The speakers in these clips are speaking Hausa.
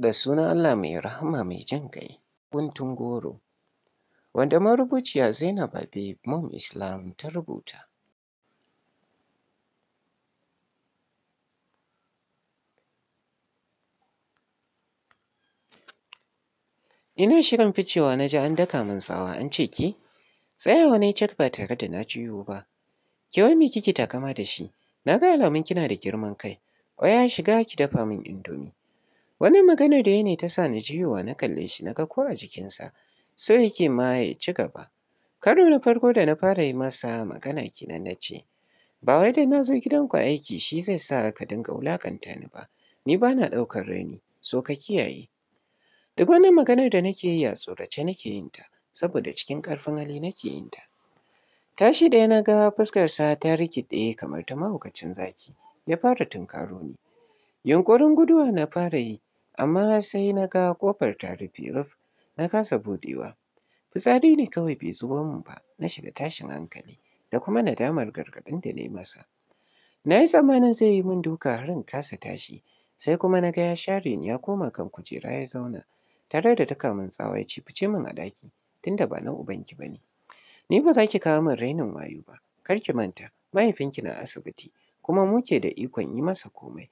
da suna Allah mai rahama mai jin kai guntun goro wanda marubuciya Zainab Abe Mom Islam ta rubuta. Ina shirin ficewa na ji an daka min tsawa an ce ki? Tsayawa ne cak ba tare da na juyo ba. Ke wai me kike takama da shi? Na ga alamun kina da girman kai. Oya shiga ki dafa min indomi. Wani maganar da ya ne ta sa ni jiwa na kalle shi na ga ko a jikinsa, so yake ma ya ci gaba. Karo na farko da na fara yi masa magana kenan na ce, ba wai dan na zo ku aiki shi zai sa ka dinga wulaƙanta ni ba, ni ba na ɗaukar rani, so ka kiyaye. Duk wannan maganar da nake yi a tsorace nake yin ta, saboda cikin ƙarfin hali nake yin ta. Tashi da na ga fuskarsa ta rikiɗe kamar ta mahaukacin zaki, ya fara tunkaro ni. Yunƙurin guduwa na fara yi, amma sai na ga ƙofar ta rufe ruf na kasa buɗewa. Fitsari ne kawai bai zubo min ba, na shiga tashin hankali da kuma nadamar gargaɗin da na yi masa. Na yi tsammanin zai yi min duka har in kasa tashi, sai kuma na ga ya share ni ya koma kan kujera ya zauna, tare da daka min tsawa ya ce fice min a ɗaki tunda ba na ubanki ba ne. Ni ba za ki kawo min rainin wayo ba, kar ki manta mahaifinki na asibiti kuma muke da ikon yi masa komai.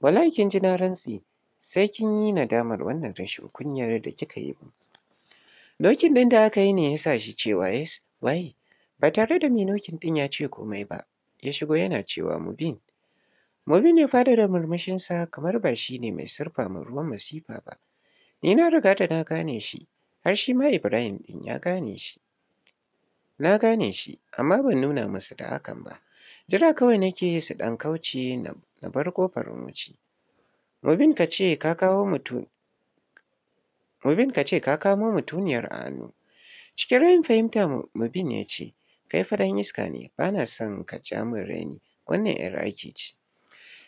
Wallahi kin ji na rantse sai kin yi nadamar wannan rashin kunyar da kika yi min. Nokin ɗin da aka yi ne ya sa shi cewa wai ba tare da mai nokin ɗin ya ce komai ba, ya shigo yana cewa Mubin. Mubin ya fada da murmushinsa kamar ba shi ne mai surfa ma ruwan masifa ba. Ni na riga da na gane shi, har shi ma Ibrahim ɗin ya gane shi. Na gane shi, amma ban nuna musu da hakan ba. Jira kawai nake su ɗan kauce na bar ƙofar wuce. Mubin ka ce ka kawo kamo mutuniyar a hannu. Cikin rayin fahimta Mubin ya ce, kai fa ɗan iska ne, ba na son ka ja min raini, wannan 'yar aiki ce.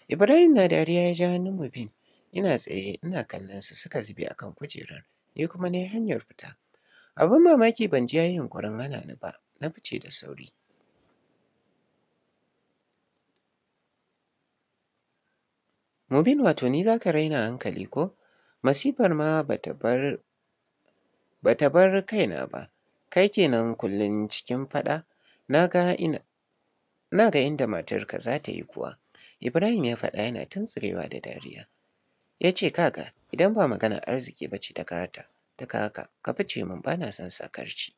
Ibrahim na dariya ya ja hannun Mubin, ina tsaye ina kallon su suka zube a kan kujerar, ni kuma na hanyar fita. Abin mamaki ban ji ya yi yunƙurin hana ni ba, na fice da sauri. Mubin wato ni za ka raina hankali ko? Masifar ma ba ta bar kaina ba, kai kenan kullum cikin faɗa, na ga inda matarka za ta yi kuwa. Ibrahim ya faɗa yana tuntsurewa da dariya. Ya ce kaga idan ba magana arziki ba ce ta kawo ka, ka fice min ba na son sakarci.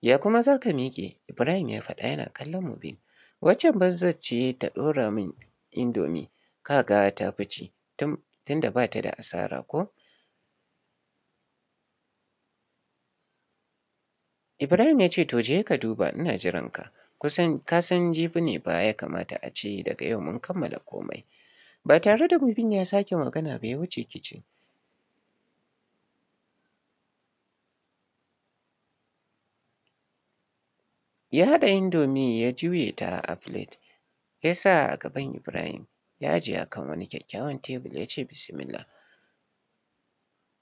Ya kuma za ka miƙe? Ibrahim ya faɗa yana kallon Mubin. Waccan banzar ce ta ɗora min indomi ka ga ta fi tunda ba ta da asara ko. Ibrahim ya ce to je ka duba ina jiran ka, kusan ka san jibi ne ba ya kamata a ce daga yau mun kammala komai. Ba tare da Mubin ya sake magana ba ya wuce kicin. Ya haɗa indomi ya juye ta a filet. ya sa a gaban Ibrahim ya ajiye a kan wani kyakkyawan tebur ya ce bismillah.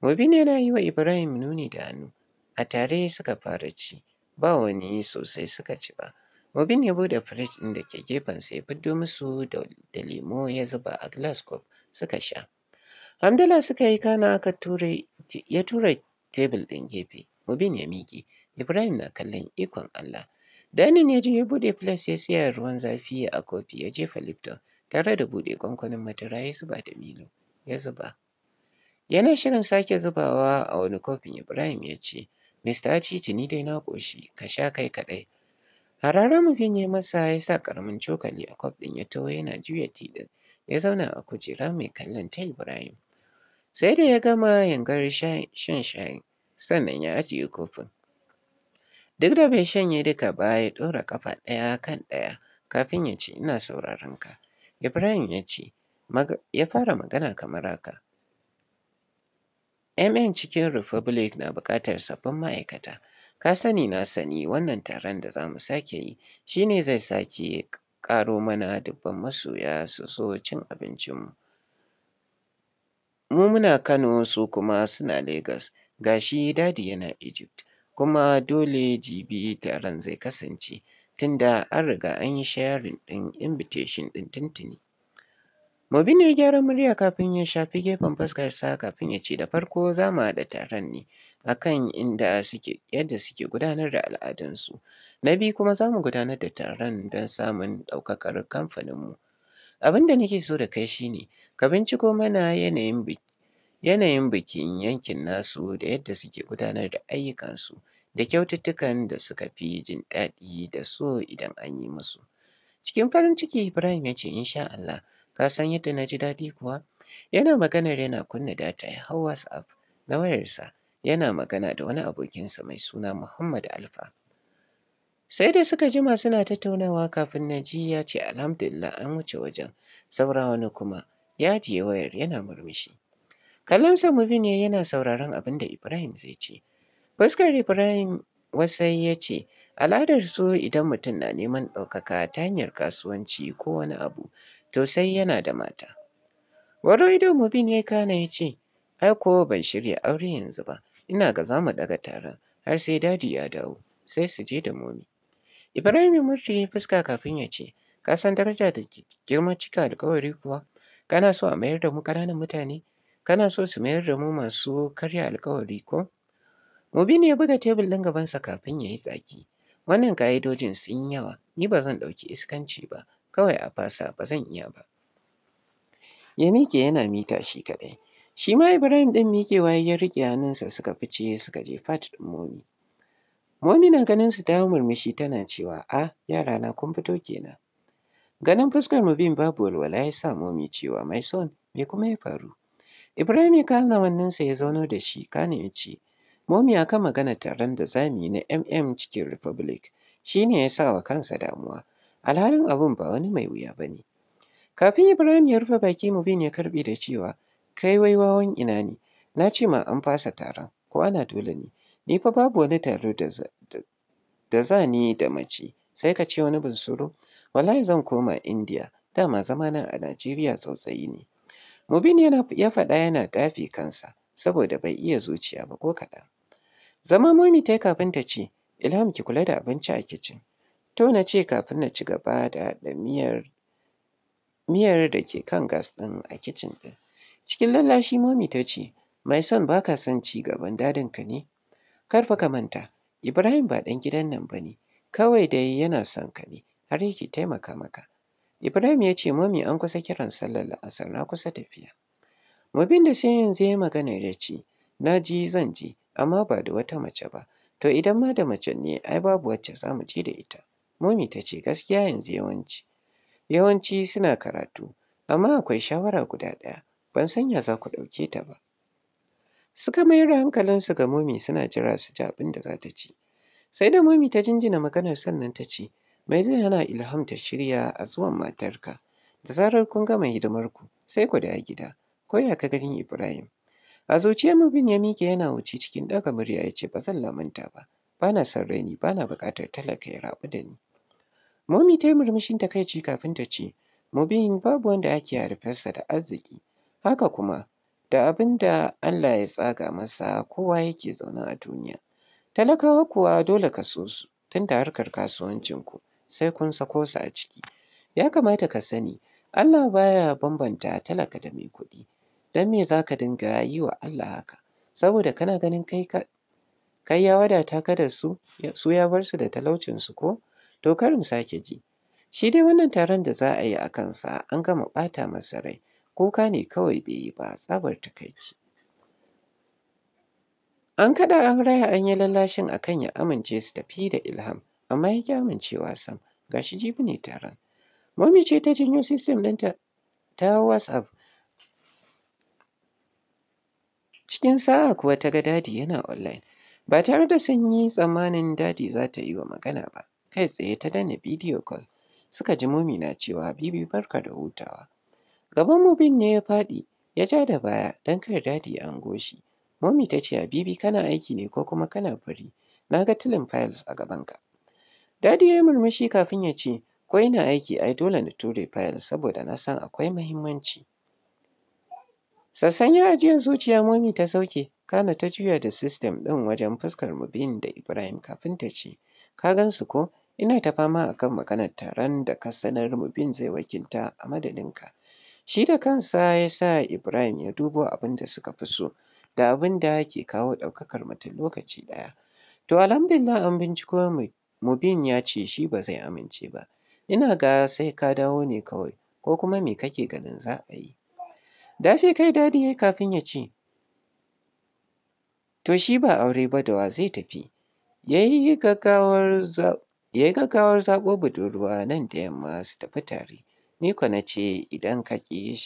Mubin yana yi wa Ibrahim nuni da hannu, a tare suka fara ci, ba wani sosai suka ci ba. Mubin ya buɗe firij ɗin da ke gefensa ya fiddo musu da lemo ya zuba a glass suka sha. Hamdala suka yi kana aka ture ya tura tebul ɗin gefe, Mubin ya miƙe, Ibrahim na kallon ikon Allah. Danin ya je ya buɗe filas ya siya ruwan zafi a kofi ya jefa Lipton tare da buɗe kwankwanin madara ya zuba da Milo ya zuba. Yana shirin sake zubawa a wani kofin Ibrahim ya ce, Mista Achichi ni dai na ƙoshi, ka sha kai kaɗai. Harara mufin ya masa ya sa ƙaramin cokali a kwaf ɗin ya taho yana juya ti ya zauna a kujera mai kallon ta Ibrahim. Sai da ya gama yangar shan shayin sannan ya ajiye kofin. Duk da bai shanye duka ba ya ɗora ƙafa ɗaya kan ɗaya kafin ya ce ina sauraron ka. Ibrahim ya ce ya fara magana kamar haka. MN cikin Republic na buƙatar sabbin ma'aikata. Ka sani na sani wannan taron da za mu sake yi shi ne zai sake ƙaro mana dubban masoya su so cin abincinmu. Mu muna Kano su kuma suna Legas, ga shi dadi yana Egypt. kuma dole jibi taron zai kasance tunda an riga an yi sharing ɗin invitation ɗin tuntuni. bi ya gyaran murya kafin ya shafi gefen fuskarsa kafin ya ce da farko za mu haɗa taron ne akan inda suke yadda suke gudanar da al'adunsu. Na biyu kuma za mu gudanar da taron don samun ɗaukakar kamfanin mu Abin da nake so da kai shine ka binciko mana yanayin biki. yanayin bikin yankin nasu da yadda suke gudanar da ayyukansu da kyaututtukan da suka fi jin daɗi da so idan an yi musu. Cikin farin ciki Ibrahim ya ce insha Allah ka san yadda na ji daɗi kuwa? Yana maganar yana kunna data ya hau WhatsApp na wayarsa yana magana da wani abokinsa mai suna Muhammad Alfa. Sai da suka jima suna tattaunawa kafin na ji ya ce alhamdulillah an wuce wajen saura wani kuma ya ajiye wayar yana murmushi. Kallonsa Mubin ne yana sauraron abin da Ibrahim zai ce. Fuskar Ibrahim wasai ya ce, al'adar su idan mutum na neman ɗaukaka ta hanyar kasuwanci ko wani abu, to sai yana da mata. Waro ido Mubin ya kana ya ce, ai ko ban shirya aure yanzu ba, ina ga za mu ɗaga taron har sai dadi ya dawo, sai su je da momi. Ibrahim ya murje fuska kafin ya ce, ka san daraja da girma cika alkawari kuwa, kana so a mayar da mu ƙananan mutane? Kana so su mayar da mu masu karya alkawari ko? mubi ne ya buga tebul ɗin gabansa kafin ya yi tsaki. Wannan ka'idojin sun yi yawa, ni ba zan ɗauki iskanci ba, kawai a fasa ba zan iya ba. Ya miƙe yana mita shi kaɗai. Shi ma Ibrahim ɗin miƙewa ya riƙe hannunsa suka fice suka je fat ɗin Momi. Momi na ganin su ta murmushi tana cewa a yarana na kun fito kenan. Ganin fuskar Mubin babu walwala ya sa Momi cewa mai son me kuma ya faru? Ibrahim ya kama hannunsa ya zauno da shi kane ya ce, Momi a kan magana taron da mu yi na MM cikin Republic shi ne ya sa wa kansa damuwa, alhalin abun ba wani mai wuya ba ne. Kafin Ibrahim ya rufe baki Mubin ya karɓe da cewa, kai wai wawan ina ne, na ce ma an fasa taron, ko ana dole ne, ni fa babu wani taro da za ni da mace, sai ka ce wani bunsuru, wallahi zan koma Indiya, dama zamana a Najeriya tsautsayi ne. Mubin yana ya faɗa yana gafe kansa saboda bai iya zuciya ba ko kaɗan. Zama momi ta yi kafin ta ce, Ilham ki kula da abinci a kicin. To na ce kafin na ci gaba da haɗa miyar miyar da ke kan gas ɗin a kicin ɗin. Cikin lallashi momi ta ce, Mai son ba ka son ci gaban dadinka ne? Kar fa ka manta, Ibrahim ba ɗan gidan nan ba ne, kawai dai yana son ka ne, har yake taimaka maka. Ibrahim ya ce mami an kusa kiran sallar la'asar na kusa tafiya. Mubin da sai yanzu ya magana ya ce na ji zan je amma ba da wata mace ba to idan ma da mace ne ai babu wacce za mu je da ita. Mami ta ce gaskiya yanzu yawanci yawanci suna karatu amma akwai shawara guda ɗaya ban sanya za ku ɗauke ta ba. Suka mayar da hankalinsu ga mami suna jira su ji abin da za ta ce. Sai da mami ta jinjina maganar sannan ta ce Mai zai hana Ilham ta shirya a zuwan matarka? Da zarar kun gama hidimarku, sai ku dawo gida. Ko ya ka ganin Ibrahim? A zuciya Mubin ya miƙe yana wuce cikin ɗaga murya ya ce ba zan lamunta ba. Ba na son raini, ba na buƙatar talaka ya rabu da ni. Momi ta yi murmushin takaici kafin ta ce, Mubin babu wanda ake harfarsa da arziki. Haka kuma, da abin da Allah ya tsaga masa kowa yake zaune a duniya. Talakawa kuwa dole ka so su, tunda harkar kasuwancinku. sai kun sako su a ciki. Ya kamata ka sani, Allah baya bambanta talaka da mai kuɗi, don me za ka dinga yi wa Allah haka, saboda kana ganin kai ka kai ya wadata ka da su, su ya bar su da talaucinsu ko? To karin sake ji. Shi dai wannan taron da za a yi a kansa an gama ɓata masa rai, kuka ne kawai bai yi ba tsabar takaici. An kaɗa an raya an yi lallashin akan ya amince su tafi da Ilham. amma ya ƙi amincewa sam ga shi jibi ne taron. Mami ce ta janyo system ɗinta ta WhatsApp. Cikin sa'a kuwa ta ga dadi yana online. Ba tare da sun yi tsammanin dadi za ta yi wa magana ba, kai tsaye ta danna bidiyo call. Suka ji mumi na cewa Habibi barka da hutawa. Gaban mubin ne ya faɗi ya ja da baya don kar dadi ya ango shi. Mumi ta ce Habibi kana aiki ne ko kuma kana fari? Na ga tilin files a gabanka. Dadi ya yi murmushi kafin ya ce, ko ina aiki ai dole na ture fayil saboda na san akwai muhimmanci. Sassanyar ajiyar zuciya Momi ta sauke, kana ta juya da sistem ɗin wajen fuskar Mubin da Ibrahim kafin ta ce, ka gansu ko ina ta fama akan maganar taron da ka sanar Mubin zai wakilta a madadinka. Shi da kansa ya sa Ibrahim ya dubo abin suka fi so da abin da ke kawo ɗaukakar mutum lokaci ɗaya. To alhamdulillah an binciko mu Mubin ya ce shi ba zai amince ba. Ina ga sai ka dawo ne kawai ko kuma me kake ganin za a yi? Dafe kai Dadi ya yi kafin ya ce, to shi ba aure ba da wa zai tafi? Ya yi gaggawar zaɓo budurwa nan da yamma su tafi tare. Ni kuwa na ce idan ka ƙi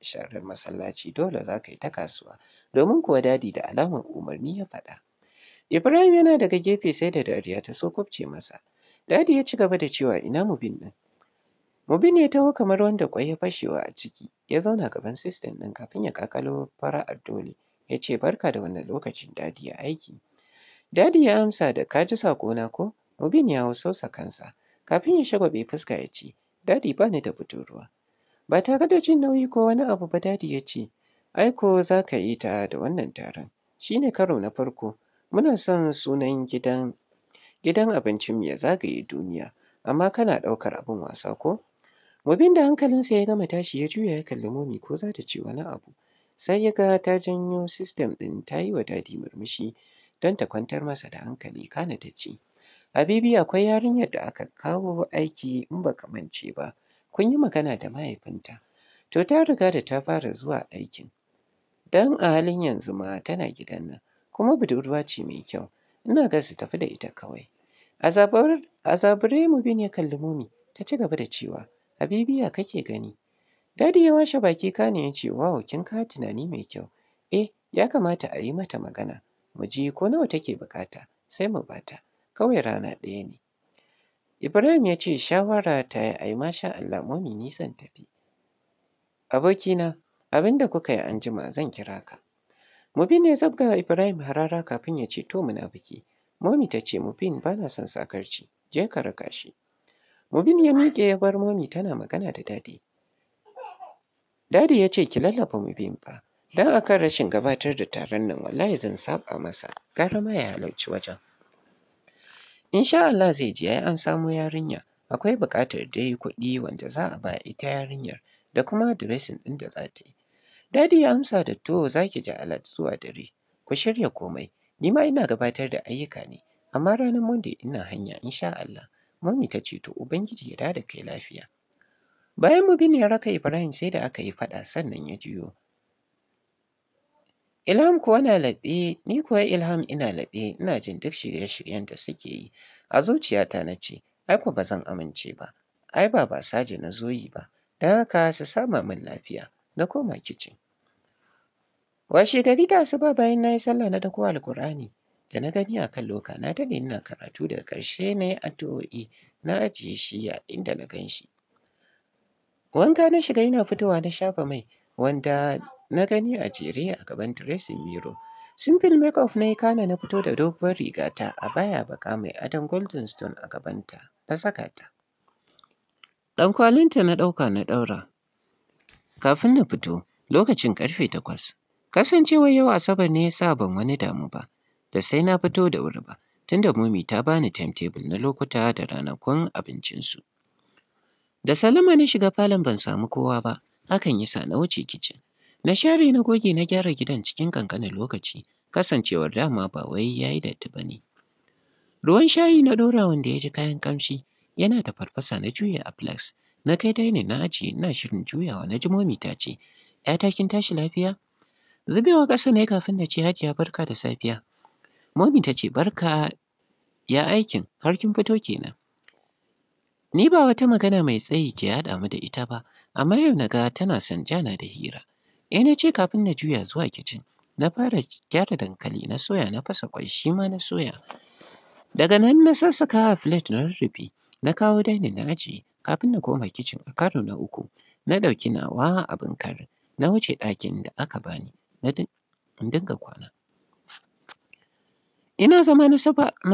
sharar masallaci dole za ka yi ta kasuwa, domin kuwa Dadi da alamar umarni ya faɗa. Ibrahim yana daga gefe sai da dariya ta kwafce masa. Dadi ya ci gaba da cewa ina Mubin ɗin. Mubin ya taho kamar wanda ƙwai ya fashewa a ciki, ya zauna gaban sistin ɗin kafin ya ƙaƙalo fara'ar dole. Ya ce barka da wannan lokacin dadi ya aiki. Dadi ya amsa da ka ji saƙona ko? Mubin ya sosa kansa. Kafin ya shagwabe fuska ya ce, Dadi ba ni da budurwa. Ba tare da jin nauyi ko wani abu ba dadi ya ce, Aiko za ka yi ta da wannan taron. Shi ne karo na farko Muna son sunan gidan gidan abincin mai ya zagaye duniya, amma kana ɗaukar abin wasa ko? Mubin da hankalinsa ya gama tashi ya juya ya kalli Momi ko za ta ce wani abu, sai ya ga ta janyo sistem ɗin ta yi wa Dadi murmushi don ta kwantar masa da hankali, kana ta ce, Habibi akwai yarinyar da aka kawo aiki in ba ka mance ba, kun yi magana da mahaifinta, to ta riga da ta fara zuwa aikin, don a halin yanzu ma tana gidan nan, kuma budurwa ce mai kyau. Ina ga su tafi da ita kawai. A mu bin ya kalli Mumi ta ci gaba da cewa, habibiya kake gani? Dadi ya washe baki kane ya ce, wow kin ka tunani mai kyau. Eh, ya kamata a yi mata magana. Mu ji ko nawa take bukata, sai mu bata. Kawai rana ɗaya ne. Ibrahim ya ce shawara ta yi ai masha Allah Mumi nisan tafi. Abokina, abinda kuka yi anjima zan kira ka. Mubin ya zabga Ibrahim harara kafin ya ce to biki. Momi ta ce Mubin ba na son sakarci, je ka raka shi. Mubin ya miƙe ya bar Momi tana magana da dadi. Dadi ya ce ki lallaba Mubin ba, don a kan rashin gabatar da taron nan wallahi zan saba masa, gara ma ya halarci wajen. In sha Allah zai je yayi an samo yarinya, akwai buƙatar dai kuɗi wanda za a ba ita yarinyar da kuma adireshin ɗin da za ta yi. Dadi ya amsa da to za ki ji alat zuwa dare, ku shirya komai, ni ma ina gabatar da ayyuka ne, amma ranar Monday ina hanya in sha Allah. Mummy ta ce to Ubangiji ya dawo da kai lafiya. Bayan mu Mubini ya raka Ibrahim sai da aka yi faɗa sannan ya juyo. Ilham kuwa na laɓe, ni kuwa Ilham ina laɓe, ina jin duk shirye-shiryen da suke yi. A zuciyata na ce, ai ba zan amince ba, ai ba ba saje na zoyi ba, don haka su sama min lafiya. na koma kicin. Washe gari da asuba bayan na yi sallah na dako alkur'ani da na gani a kan loka na daɗe ina karatu daga ƙarshe na yi addu'o'i na ajiye shi a inda na gan shi. Wanka na shiga ina fitowa na shafa mai wanda na gani a jere a gaban dressing Miro, Simple makeup na yi kana na fito da doguwar rigata a baya baƙa mai adon golden stone a gabanta na saka ta. Ɗankwalinta na ɗauka na ɗaura Kafin na fito, lokacin ƙarfe takwas. Kasancewar yau Asabar ne ya sa ban wani damu ba, da sai na fito da wuri ba, tunda momi ta bani timetable na lokuta da ranakun abincinsu. Da salama na shiga falon ban samu kowa ba, hakan yi sa na wuce kicin. Na share na goge na gyara gidan cikin ƙanƙanin lokaci, kasancewar dama ba wai ya yi datti ba ne. Ruwan shayi na ɗora wanda ya ji kayan ƙamshi, yana da farfasa na juya a flask, na kai dai ne, na ajiye ina shirin juyawa na ji momi ta ce ‘yata kin tashi lafiya zubewa ƙasa ne kafin na ce hajiya barka da safiya momi ta ce barka ya aikin har kin fito kenan ni ba wata magana mai tsayi ke haɗa mu da ita ba amma yau na ga tana son jana da hira eh na ce kafin na juya zuwa kicin na fara gyara dankali na soya na fasa kwai shi ma na soya daga nan na sassaka a filet na rurrufe na kawo dainin na ajiye Kafin na koma kicin a karo na uku, na ɗauki nawa abin karin, na wuce ɗakin da aka bani na dinga kwana. Ina zama na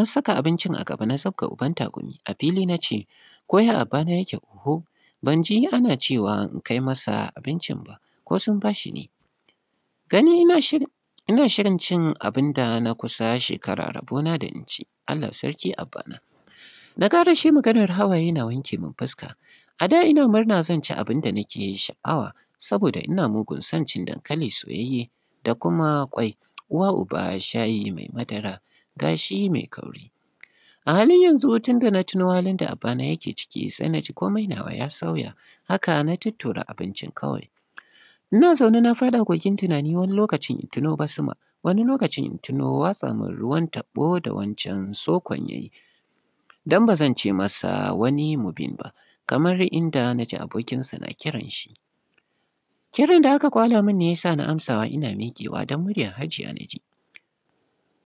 saka abincin a gaba na zabka uban takumi, A fili na ce, ko ya na yake oho, ban ji ana cewa in kai masa abincin ba, ko sun bashi ne? Gani ina shirin cin abin da na kusa shekara rabona da in ci. Allah sarki Abbana. Na gara shi maganar hawaye na wanke min fuska. A da ina murna zan ci abin da nake sha'awa saboda ina mugun son cin dankali soyayye da kuma kwai, uwa uba shayi mai madara, gashi mai kauri. A halin yanzu tun da na tuno halin da abana yake ciki sai na ji komai nawa ya sauya, haka na tuttura abincin kawai. Ina zaune na fada gogin tunani wani lokacin in tuno basuma wani lokacin in tuno watsa min ruwan taɓo da wancan sokon yayi don ba zan ce masa wani mubin ba kamar inda na ji abokinsa na kiran shi kiran da aka kwala min ne ya sa na amsawa ina miƙewa don muryar hajiya na ji